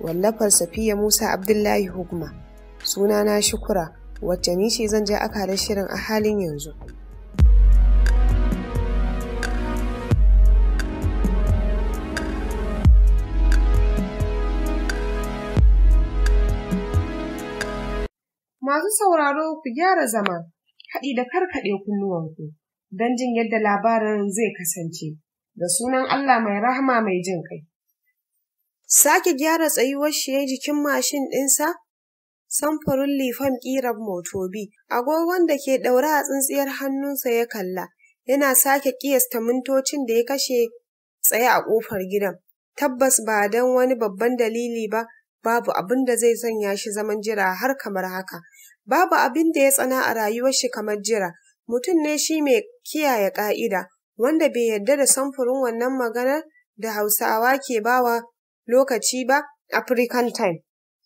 wallafar safiya musa abdullahi hugma sunana shukura wacce ni zan je aka da shirin a halin yanzu Masu sauraro ku gyara zama, haɗi da karkaɗe kunnuwanku, don jin yadda labarin zai kasance, da sunan Allah mai rahama mai jin kai. Sake gyara tsayuwar shi ya jikin mashin ɗinsa, samfurin lifan ƙirar motobi, agogon da ke ɗaure a tsintsiyar hannunsa ya kalla, yana sake ƙiyasta mintocin da ya kashe tsaye a ƙofar gidan. Tabbas ba don wani babban dalili ba, babu abin da zai sanya shi zaman jira har kamar haka. Babu abin da ya tsana a rayuwar shi kamar jira. Mutum ne shi mai kiyaye ƙa'ida, wanda bai yarda da samfurin wannan maganar da Hausawa ke bawa lokaci ba African time.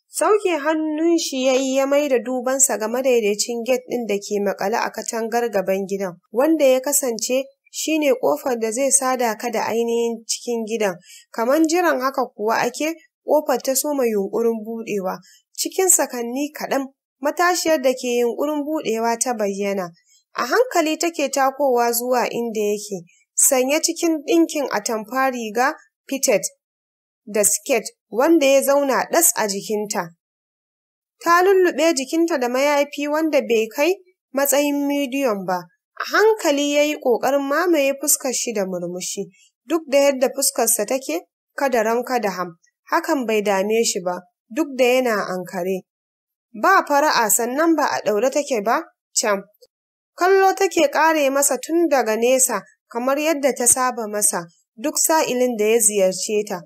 Sauke hannun shi ya yi ya maida dubansa ga madaidaicin gate ɗin da ke makale a katangar gaban gidan, wanda ya kasance shi ne ƙofar da zai sada ka da ainihin cikin gidan. Kamar jiran haka kuwa ake, ƙofar ta soma yunƙurin buɗewa. Cikin sakanni kaɗan, matashiyar da ke yunƙurin buɗewa ta bayyana. A hankali take takowa zuwa inda yake, sanye cikin ɗinkin atamfa riga fitted da siket wanda ya zauna ɗas a jikinta. Ta lullube jikinta da mayafi wanda bai kai matsayin midiyon ba, a hankali ya yi ƙoƙarin mamaye fuskar shi da murmushi, duk da yadda fuskarsa take kadaran kadaham, hakan bai dame shi ba, duk da yana ankare. Ba fara'a sannan ba a ɗaure take ba, can. Kallo take ƙare masa tun daga nesa kamar yadda ta saba masa duk sa'ilin da ya ziyarce ta.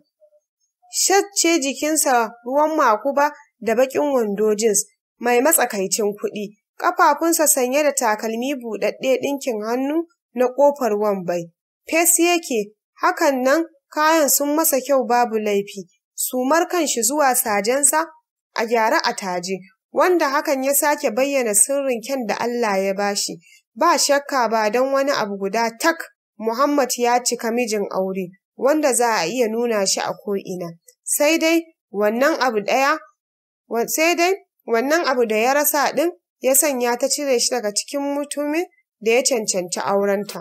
Shat ce jikinsa ruwan makuba da bakin wando jeans mai matsakaicin kuɗi, ƙafafunsa sanye da takalmi buɗaɗɗe ɗinkin hannu na ƙofar wambai. Fes yake, hakan nan kayan sun masa kyau babu laifi, sumar shi zuwa sajensa a gyara a taje, wanda hakan ya sake bayyana sirrin kyan da Allah ya bashi. Ba shakka ba don wani abu guda tak, Muhammad ya cika mijin aure, wanda za a iya nuna shi a ko'ina. sai dai wannan abu ɗaya sai dai wannan abu da ya rasa ɗin ya sanya ta cire shi daga cikin mutumin da ya cancanci aurenta.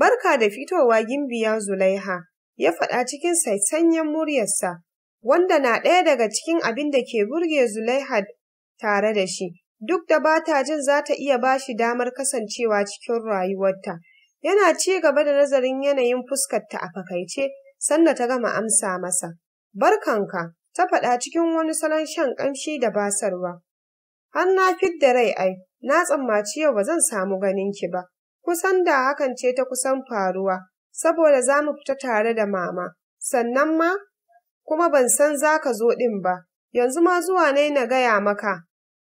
Barka da fitowa gimbiya Zulaiha, ya faɗa cikin saisanyen muryarsa, wanda na ɗaya daga cikin abin da ke burge Zulaiha tare da shi, duk da ba ta jin za ta iya ba shi damar kasancewa cikin rayuwarta. Yana ci gaba da nazarin yanayin fuskarta a fakaice, sanda ta gama amsa masa. Barkanka, ta faɗa cikin wani salon shan ƙamshi da basarwa. Har na da rai ai, na tsammaci yau ba zan samu ganin ki ba. Kusan da hakan ce ta kusan faruwa, saboda za mu fita tare da mama. Sannan ma, kuma ban san za ka zo ɗin ba, yanzu ma zuwa ne na gaya maka.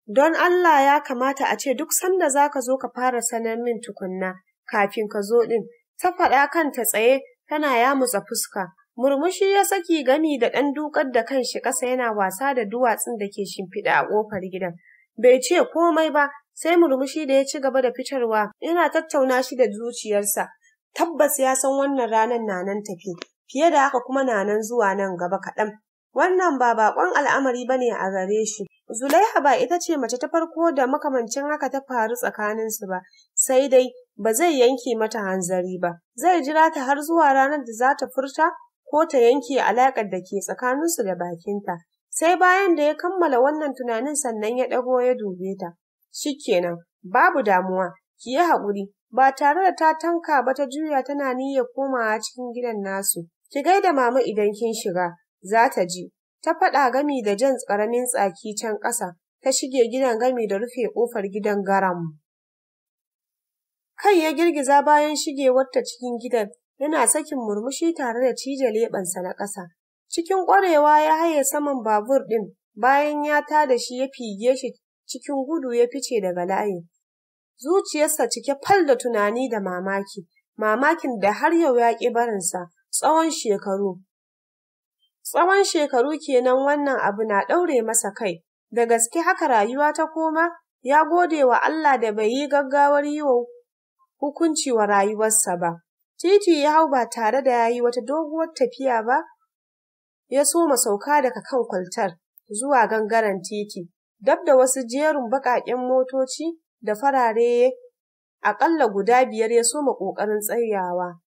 Don Allah ya kamata a ce duk sanda za ka zo ka fara sanar min tukunna, kafin ka zo ɗin, ta faɗa kanta tsaye tana yamutsa fuska. Murmushi ya saki gami da ɗan dukar da kanshi ƙasa yana wasa da duwatsun da ke shimfiɗa a ƙofar gidan. Bai ce komai ba, sai murmushi da ya ci gaba da fitarwa, yana tattauna shi da zuciyarsa. Tabbas ya san wannan ranar na nan tafi, fiye da haka kuma na nan zuwa nan gaba kaɗan. Wannan ba baƙon al'amari ba ne a gare shi. Zulaiha ba ita ce mace ta farko da makamancin haka ta faru tsakaninsu ba, sai dai ba zai yanke mata hanzari ba. Zai jira ta har zuwa ranar da za ta furta ko ta yanke alaƙar da ke tsakaninsu da bakinta. Sai bayan da ya kammala wannan tunanin sannan ya ɗago ya dube ta. kenan, babu damuwa, ki yi haƙuri, ba tare da ta tanka ba ta juya tana niyyar komawa cikin gidan nasu. Ki gaida mama idan kin shiga, za ta ji. Ta faɗa gami da jan ƙaramin tsaki can ƙasa, ta shige gidan gami da rufe ƙofar gidan garanmu. Kai ya girgiza bayan shigewarta cikin gidan, yana sakin murmushi tare da cije leɓensa na ƙasa. Cikin ƙwarewa ya haye saman babur ɗin, bayan ya ta da shi ya fige shi cikin gudu ya fice daga layin. Zuciyarsa cike fal da tunani da mamaki, mamakin da har yau ya ƙi barinsa tsawon shekaru. Tsawon shekaru kenan wannan abu na ɗaure masa kai, da gaske haka rayuwa ta koma, ya gode wa Allah da bai yi gaggawar yi wa hukunci wa rayuwarsa ba. Titi ya hau ba tare da ya yi wata doguwar tafiya ba, ya soma sauka daga kan kwaltar zuwa gangaren titi, dab da wasu jerin baƙaƙen motoci da farare aƙalla guda biyar ya soma ƙoƙarin tsayawa.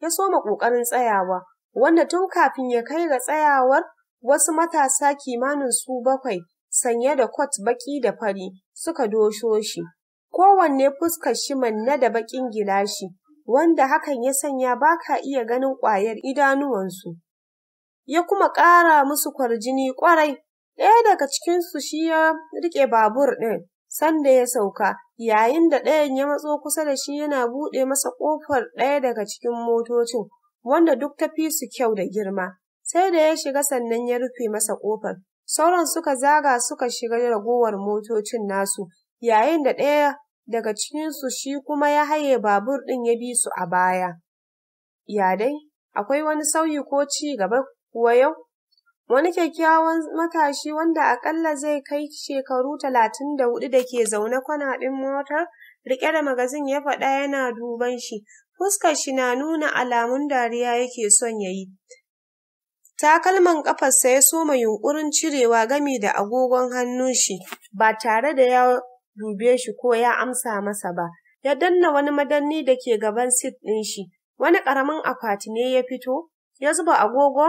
Ya soma ƙoƙarin tsayawa, wanda tun kafin ya kai ga tsayawar wasu matasa kimanin su bakwai sanye da kwat baƙi da fari suka dosho shi, kowanne fuskar shi manne da baƙin gilashi. wanda hakan ya sanya ba ka iya ganin ƙwayar idanuwansu. Ya kuma ƙara musu kwarjini ƙwarai, ɗaya daga cikinsu shi ya riƙe babur ɗin, sanda ya sauka, yayin da ɗayan ya matso kusa da shi yana buɗe masa ƙofar ɗaya daga cikin motocin, wanda duk ta fi su kyau da girma. Sai da ya shiga sannan ya rufe masa ƙofar. Sauran suka zaga suka shiga ragowar motocin nasu, yayin da ɗaya daga cikinsu shi kuma ya haye babur ɗin ya bi su a baya. Ya dai, akwai wani sauyi ko ci gaba kuwa yau? Wani kyakkyawan matashi wanda akalla zai kai shekaru talatin da hudu da ke zaune kwana ɗin motar, riƙe da magazin ya faɗa yana duban shi, fuskar shi na nuna alamun dariya yake son ya yi. Takalman ƙafarsa ya soma yunƙurin cirewa gami da agogon hannun shi, ba tare da ya dube shi ko ya amsa masa ba, ya danna wani madanni da ke gaban sit ɗin shi, wani ƙaramin akwati ne ya fito, ya zuba agogo?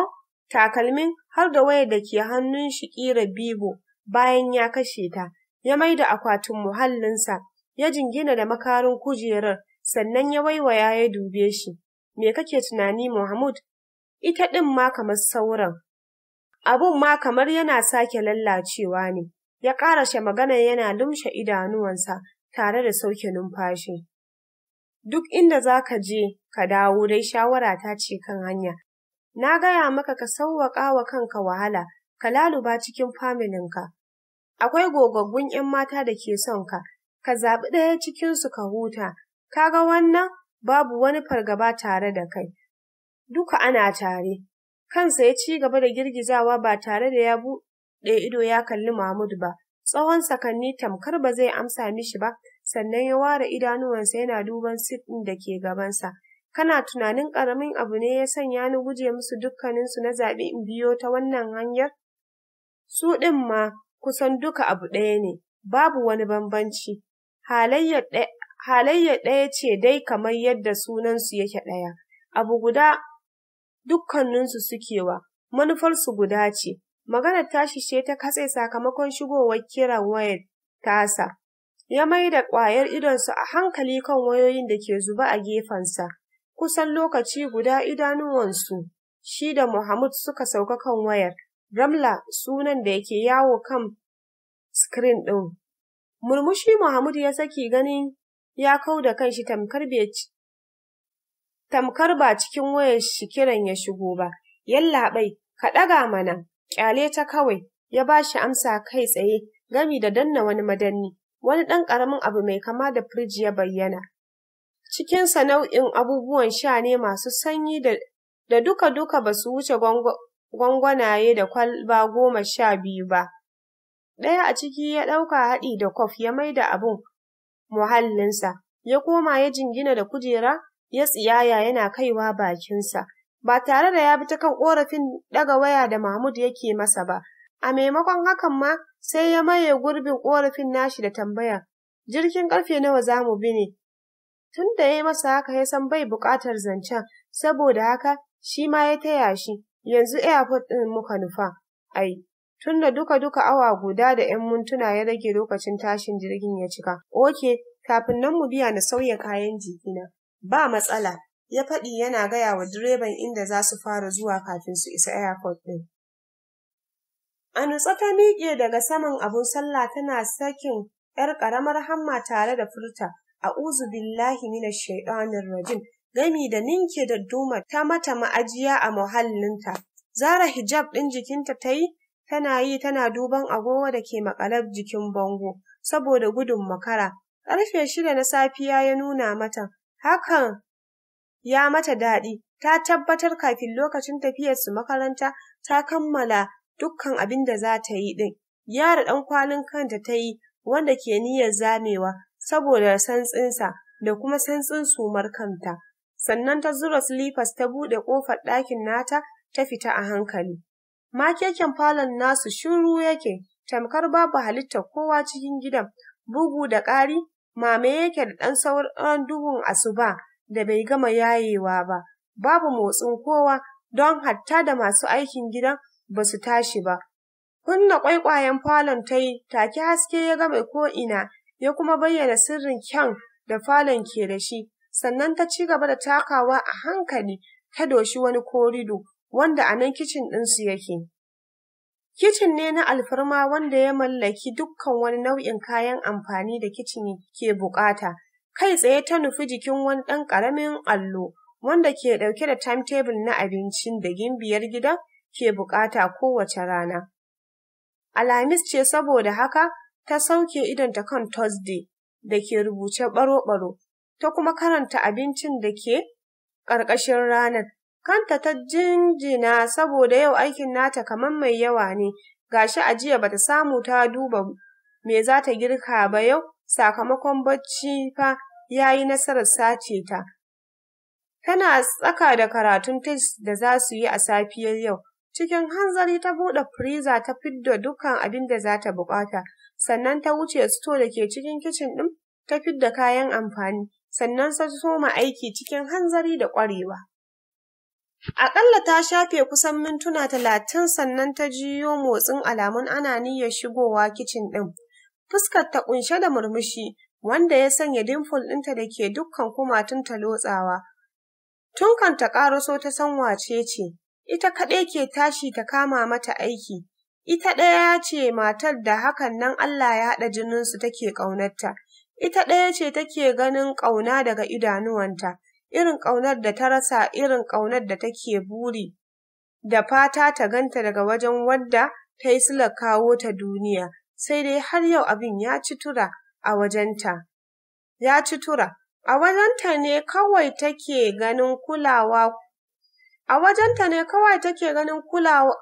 takalmin har da waya da ke hannun shi ƙira bibo bayan ya kashe ta, ya mai da akwatin muhallinsa, ya jingina da makarin kujerar, sannan ya waiwaya ya dube shi. Me kake tunani Muhammad? Ita ɗin ma kamar sauran. Abun ma kamar yana sake lallacewa ne. ya ƙara ƙarashe magana yana lumshe idanuwansa tare da sauke numfashi. Duk inda za ka je ka dawo dai shawara ta ce kan hanya. Na gaya maka ka sauwaƙa wa kanka wahala, ka laluba cikin familinka. Akwai gogaggun ‘yan mata da ke son ka, ka zaɓi ɗaya cikinsu ka huta, ka ga wannan babu wani fargaba tare da kai. Duka ana tare, kansa ya ci gaba da girgizawa ba tare da ya ɗaya ido ya kalli Mahmud ba, tsawon sakanni tamkar ba zai amsa mishi ba, sannan ya ware idanuwansa yana duban sit ɗin da ke gabansa. Kana tunanin ƙaramin abu ne ya sanya ni guje musu dukkaninsu na zaɓe in biyo ta wannan hanyar? Su ɗin ma kusan duka abu ɗaya ne, babu wani bambanci. Halayyar ɗaya ce dai kamar yadda sunansu yake ɗaya. Abu guda dukkaninsu suke wa, manufarsu guda ce, Maganar tashi ce ta katse sakamakon shigowar kiran wayar tasa. Ya mai da ƙwayar idonsa a hankali kan wayoyin da ke zuba a gefensa. Kusan lokaci guda idanuwansu, shi da Muhammad suka sauka kan wayar. Ramla sunan da yake yawo kan screen ɗin. Murmushi Muhammad ya saki ganin ya kau da kanshi tamkar tamkar ba cikin wayar shi kiran ya shigo ba. Yallaɓai, ka ɗaga mana. Kyale ta kawai, ya ba shi amsa kai tsaye, gami da danna wani madanni, wani ɗan ƙaramin abu mai kama da firji ya bayyana. Cikinsa nau'in abubuwan sha ne masu sanyi da, duka-duka ba su wuce gwangwanaye da kwalba goma sha biyu ba. Ɗaya a ciki ya ɗauka haɗi da kwaf ya mai da abun muhallinsa, ya koma ya jingina da kujera, ya tsiyaya yana kaiwa bakinsa. ba tare da ya bi ta kan ƙorafin ɗaga waya da Mahmud yake masa ba. A maimakon hakan ma sai ya maye gurbin ƙorafin nashi da tambaya, jirgin ƙarfe nawa za mu bi ne? Tun da ya yi masa haka ya san bai buƙatar zancen, saboda haka shi ma ya taya shi, yanzu airport ɗin muka nufa. Ai, tun da duka-duka awa guda da 'yan mintuna ya rage lokacin tashin jirgin ya cika. Oke, kafin nan mu biya na sauya kayan jikina. Ba matsala. ya faɗi yana gaya wa direban inda za su fara zuwa kafin su isa airport ɗin. A nutsa ta miƙe daga saman abun sallah tana sakin ‘yar ƙaramar hamma tare da furta a uzu billahi mina shaiɗanin rajim gami da ninke da duma ta mata ma'ajiya a muhallinta. Zara hijab ɗin jikinta ta yi tana yi tana duban agogo da ke maƙalar jikin bango saboda gudun makara. Ƙarfe shida na safiya ya nuna mata, hakan ya mata daɗi. Ta tabbatar kafin lokacin tafiyarsu makaranta ta kammala dukkan abin da za ta yi ɗin. Yara ɗan kwalin kanta ta yi wanda ke niyyar zamewa saboda santsinsa da kuma santsin sumar kanta. Sannan ta zura silifas ta buɗe ƙofar ɗakin nata ta fita a hankali. Makeken falon nasu shiru yake, tamkar babu halittar kowa cikin gidan, bugu da ƙari, mame yake da ɗan sauran duhun asuba da bai gama yayewa ba, babu motsin kowa don hatta da masu aikin gidan ba su tashi ba. Kunna ƙwaiƙwayen falon ta yi, take haske ya game ko'ina, ya kuma bayyana sirrin kyan da falon ke da shi, sannan ta ci gaba da takawa a hankali ta doshi wani korido, wanda a nan kicin ɗinsu yake. Kicin ne na alfarma wanda ya mallaki dukkan wani nau'in kayan amfani da kicin ke buƙata. kai tsaye ta nufi jikin wani ɗan ƙaramin allo wanda ke ɗauke da timetable na abincin da gimbiyar gidan ke buƙata kowace rana. Alhamis ce saboda haka ta sauke idonta kan Thursday da ke rubuce baro-baro, ta kuma karanta abincin da ke ƙarƙashin ranar. Kanta ta jinjina saboda yau aikin nata kamar mai yawa ne, gashi a jiya bata samu ta duba me za ta girka ba yau, sakamakon bacci fa ya yi nasarar sace ta. Tana tsaka da karatun test da za su yi a safiyar yau, cikin hanzari ta buɗe firiza ta fidda dukkan abin da za ta buƙata, sannan ta wuce suto da ke cikin kicin ɗin ta fidda kayan amfani, sannan ta soma aiki cikin hanzari da ƙwarewa. Aƙalla ta shafe kusan mintuna talatin sannan ta jiyo motsin alamun ana niyyar shigowa kicin ɗin. fuskar ta kunshe da murmushi wanda ya sanya dimfol ɗinta da ke dukkan ta lotsawa. Tun ta ƙaraso ta san wace ce, ita kaɗai ke tashi ta kama mata aiki, ita ɗaya ce matar da hakan nan Allah ya haɗa jininsu take ƙaunarta, ita ɗaya ce take ganin ƙauna daga idanuwanta, irin ƙaunar da ta rasa irin ƙaunar da take buri, da fata ta ganta daga wajen wadda ta yi silar kawo ta duniya. sai dai har yau abin ya ci tura a wajenta. Ya ci tura, a wajenta ne kawai take ganin kulawa a wajenta ne kawai take ganin kulawa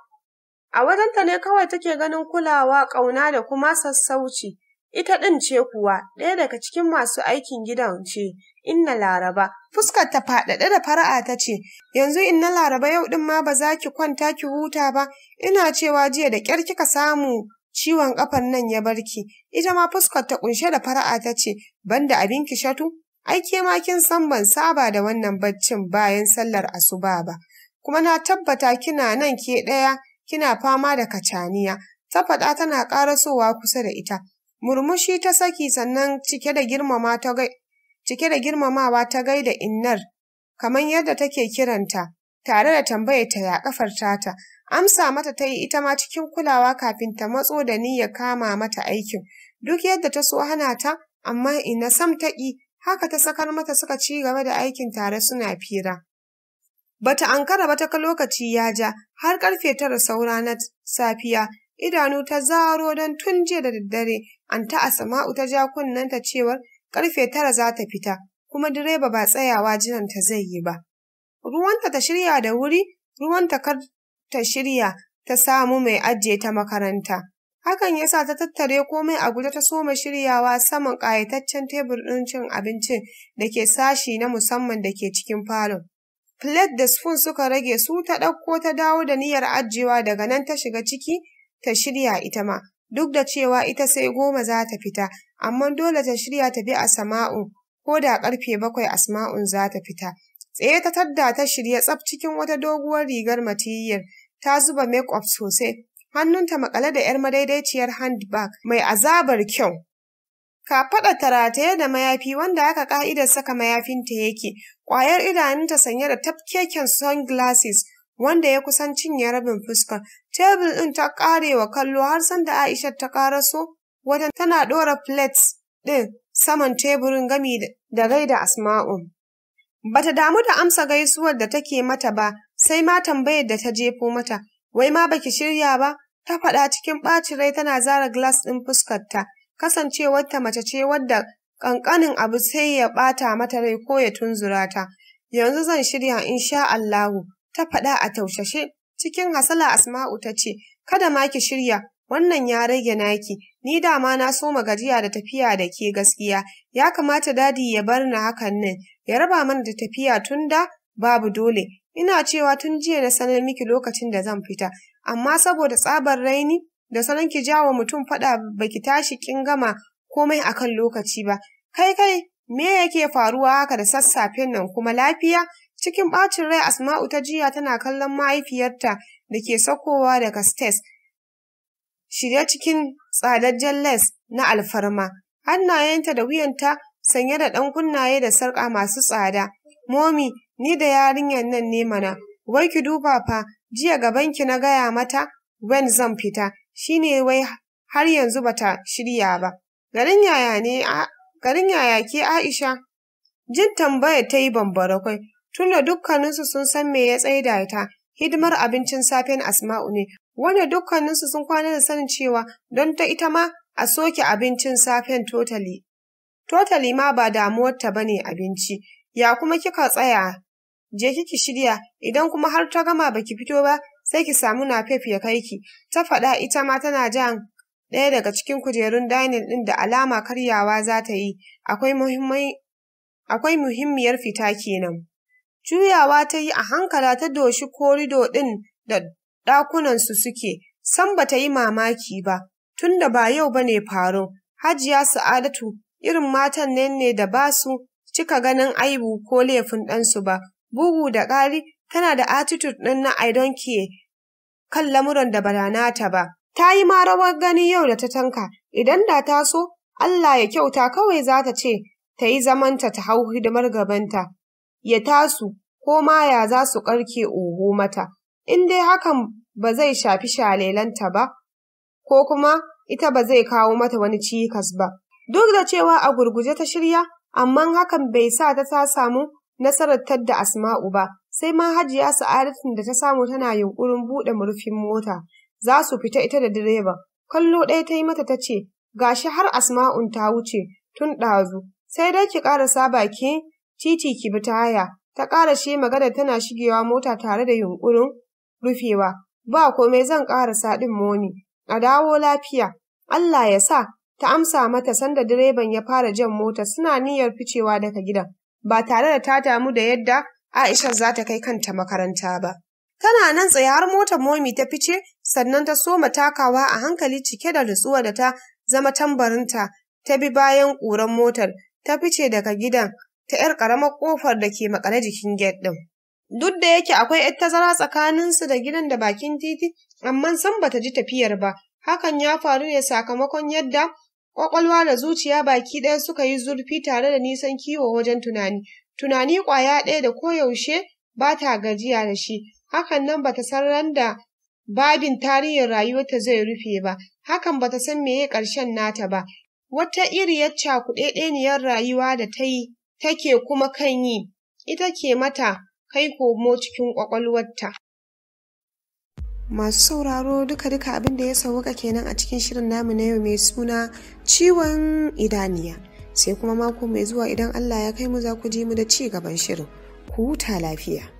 a wajenta ne kawai take ganin kulawa ƙauna da kuma sassauci ita ɗin ce kuwa ɗaya daga cikin masu aikin gidan ce inna laraba fuskar ta faɗaɗe da fara'a ta ce yanzu inna laraba yau ɗin ma ba za ki kwanta ki huta ba ina cewa jiya da ƙyar kika samu ciwon kafan nan ya barki, ita ma fuskar ta kunshe da fara'a ta ce, banda abin ki shatu, ai ke ma kin san ban saba da wannan baccin bayan sallar asuba ba, kuma na tabbata kina nan ke ɗaya kina fama da kacaniya, ta faɗa tana ƙarasowa kusa da ita. Murmushi ta saki sannan cike da girmama ta cike da girmamawa ta gaida innar, kamar yadda take kiranta, tare da tambayar ta ya kafar tata, Amsa mata ta yi ita ma cikin kulawa kafin ta matso da niyyar kama mata aikin. Duk yadda ta so hana ta, amma ina sam ta ƙi, haka ta sakar mata suka ci gaba da aikin tare suna fira. Bata ankara ba ta ka lokaci ya ja, har karfe tara saura na safiya, idanu ta zaro don tun jiya da daddare, an ta Asma'u ta ja kunnenta cewar karfe tara za ta fita, kuma direba ba tsayawa jiran ta zai yi ba. Ruwanta ta shirya da wuri, ruwanta kar ta shirya ta samu mai ajiye ta makaranta. Hakan ya sa ta tattare komai a guje ta soma shiryawa saman ƙayataccen tebur ɗin cin abincin da ke sashi na musamman da ke cikin falon. Filet da spoon suka rage su ta ɗauko ta dawo da niyyar ajiyewa daga nan ta shiga ciki ta shirya ita ma. Duk da cewa ita sai goma za ta fita, amma dole ta shirya ta bi a Asma'u ko da ƙarfe bakwai Asma'un za ta fita. Tsaye ta tadda ta shirya tsaf cikin wata doguwar rigar matiyar ta zuba make-up sosai, hannunta makale da ‘yar madaidaiciyar handbag mai azabar kyau. Ka faɗa rataye da mayafi wanda aka ka'idar saka mayafinta yake, ƙwayar idanunta sanye da tafkeken sunglasses wanda ya kusan cinye rabin fuskar. Tebul ɗin ta ƙare wa kallo har sanda Aisha ta ƙaraso wajen tana ɗora plates ɗin saman teburin gami da rai gaida Asma'u. Bata damu da amsa gaisuwar da take mata ba, sai ma tambayar da ta jefo mata, wai ma baki shirya ba, ta faɗa cikin ɓacin rai tana zara glass ɗin fuskarta, kasancewarta mace ce wadda ƙanƙanin abu sai ya ɓata mata rai ko ya tunzura ta. Yanzu zan shirya in sha Allahu, ta faɗa a taushashe, cikin hasala Asma'u ta ce, kada ma ki shirya, wannan ya rage naki, ni dama na so gajiya da tafiya da ke gaskiya, ya kamata dadi ya bar ni hakan nan, ya raba mana da tafiya tun da Babu dole, ina cewa tun jiya na sanar miki lokacin da zan fita, amma saboda tsabar raini da salon ki jawo mutum faɗa baki tashi kin gama komai akan lokaci ba. Kai kai, me yake faruwa haka da sassafen nan kuma lafiya? Cikin ɓacin rai Asma'u ta jiya tana kallon mahaifiyarta da ke sakowa daga stes. shirya cikin tsadajjen les na alfarma, hannayenta da wuyanta sanye da ɗan kunnaye da sarƙa masu tsada. Momi, Ni da yarinyar nan ne mana, wai ki duba fa, jiya gabanki na gaya mata wen zan fita, shine wai har yanzu bata shirya ba. Garin yaya ne garin yaya ke Aisha? Jin tambayar ta yi bambarakwai, tunda dukkaninsu sun san me ya tsaida ta, hidimar abincin safen Asma'u ne, wanda dukkaninsu sun kwana da sanin cewa don ta ita ma a soke abincin safen totali. Totali ma ba damuwarta ba bane abinci, ya kuma kika tsaya? Je kiki shirya, idan kuma har ta gama baki fito ba, sai ki samu fef ya kai ki. Ta faɗa ita ma tana jan ɗaya daga cikin kujerun dining ɗin da alama karyawa za ta yi, akwai muhimmiyar fita kenan. Juyawa ta yi a hankala ta doshi korido ɗin da su suke, san ba ta yi mamaki ba, tunda ba yau ba ne faro, Hajiya Sa'adatu irin matan ne da ba su cika ganin aibu ko laifin ɗansu ba. Bugu da ƙari, tana da attitude ɗin na I don't care kan lamuran da ba nata ba. Ta yi ma rawar gani yau da ta tanka, idan da ta so, Allah ya kyauta kawai za ta ce, ta yi zamanta ta hau hidimar gabanta, ya tasu, ko ma ya za su ƙarke oho mata, in dai hakan ba zai shafi shalelanta ba, ko kuma ita ba zai kawo mata wani cikas ba. Duk da cewa a gurguje ta shirya, amma hakan bai sa ta ta samu nasarar tadda Asma'u ba, sai ma hajiya da ta samu tana yunkurin buɗe murfin mota, za su fita ita da direban. Kallo ɗaya ta yi mata ta ce, gashi har Asma'un ta wuce tun ɗazu, sai dai ki ƙarasa baki titi ki bi ta haya, ta ƙara shi magana tana shigewa mota tare da yunkurin rufewa, ba komai zan ƙarasa ɗin moni, a dawo lafiya, Allah ya sa ta amsa mata sanda direban ya fara jan mota suna niyyar ficewa daga gidan ba tare da ta damu da yadda Aisha za ta kai kanta makaranta ba. Tana nan tsaye har motar momi ta fice sannan ta soma takawa a hankali cike da nutsuwa da ta zama tambarinta ta bi bayan ƙuran motar ta fice daga gidan ta ƴar ƙaramar ƙofar da ke maƙale jikin get ɗin. Duk da yake akwai ƴar tazara tsakaninsu da gidan da bakin titi, amma san bata ji tafiyar ba. Hakan ya faru ne sakamakon yadda Ƙwaƙwalwa da zuciya baki ɗaya suka yi zurfi tare da nisan kiwo wajen tunani, tunani ƙwaya ɗaya da koyaushe ba ta gajiya da shi, hakan nan ba ta san randa babin tarihin rayuwarta zai rufe ba, hakan ba ta san meye ƙarshen nata ba. Wata iriyar cakuɗeɗeniyar rayuwa da ta yi take kuma kan yi, ita ke mata kai komo cikin ƙwaƙwalwarta. masu sauraro duka-duka abin da ya sauka kenan a cikin shirin namu na yau mai suna ciwon idaniya sai kuma mako mai zuwa idan allah ya kai mu za ku ji mu da ci gaban shirin ku huta lafiya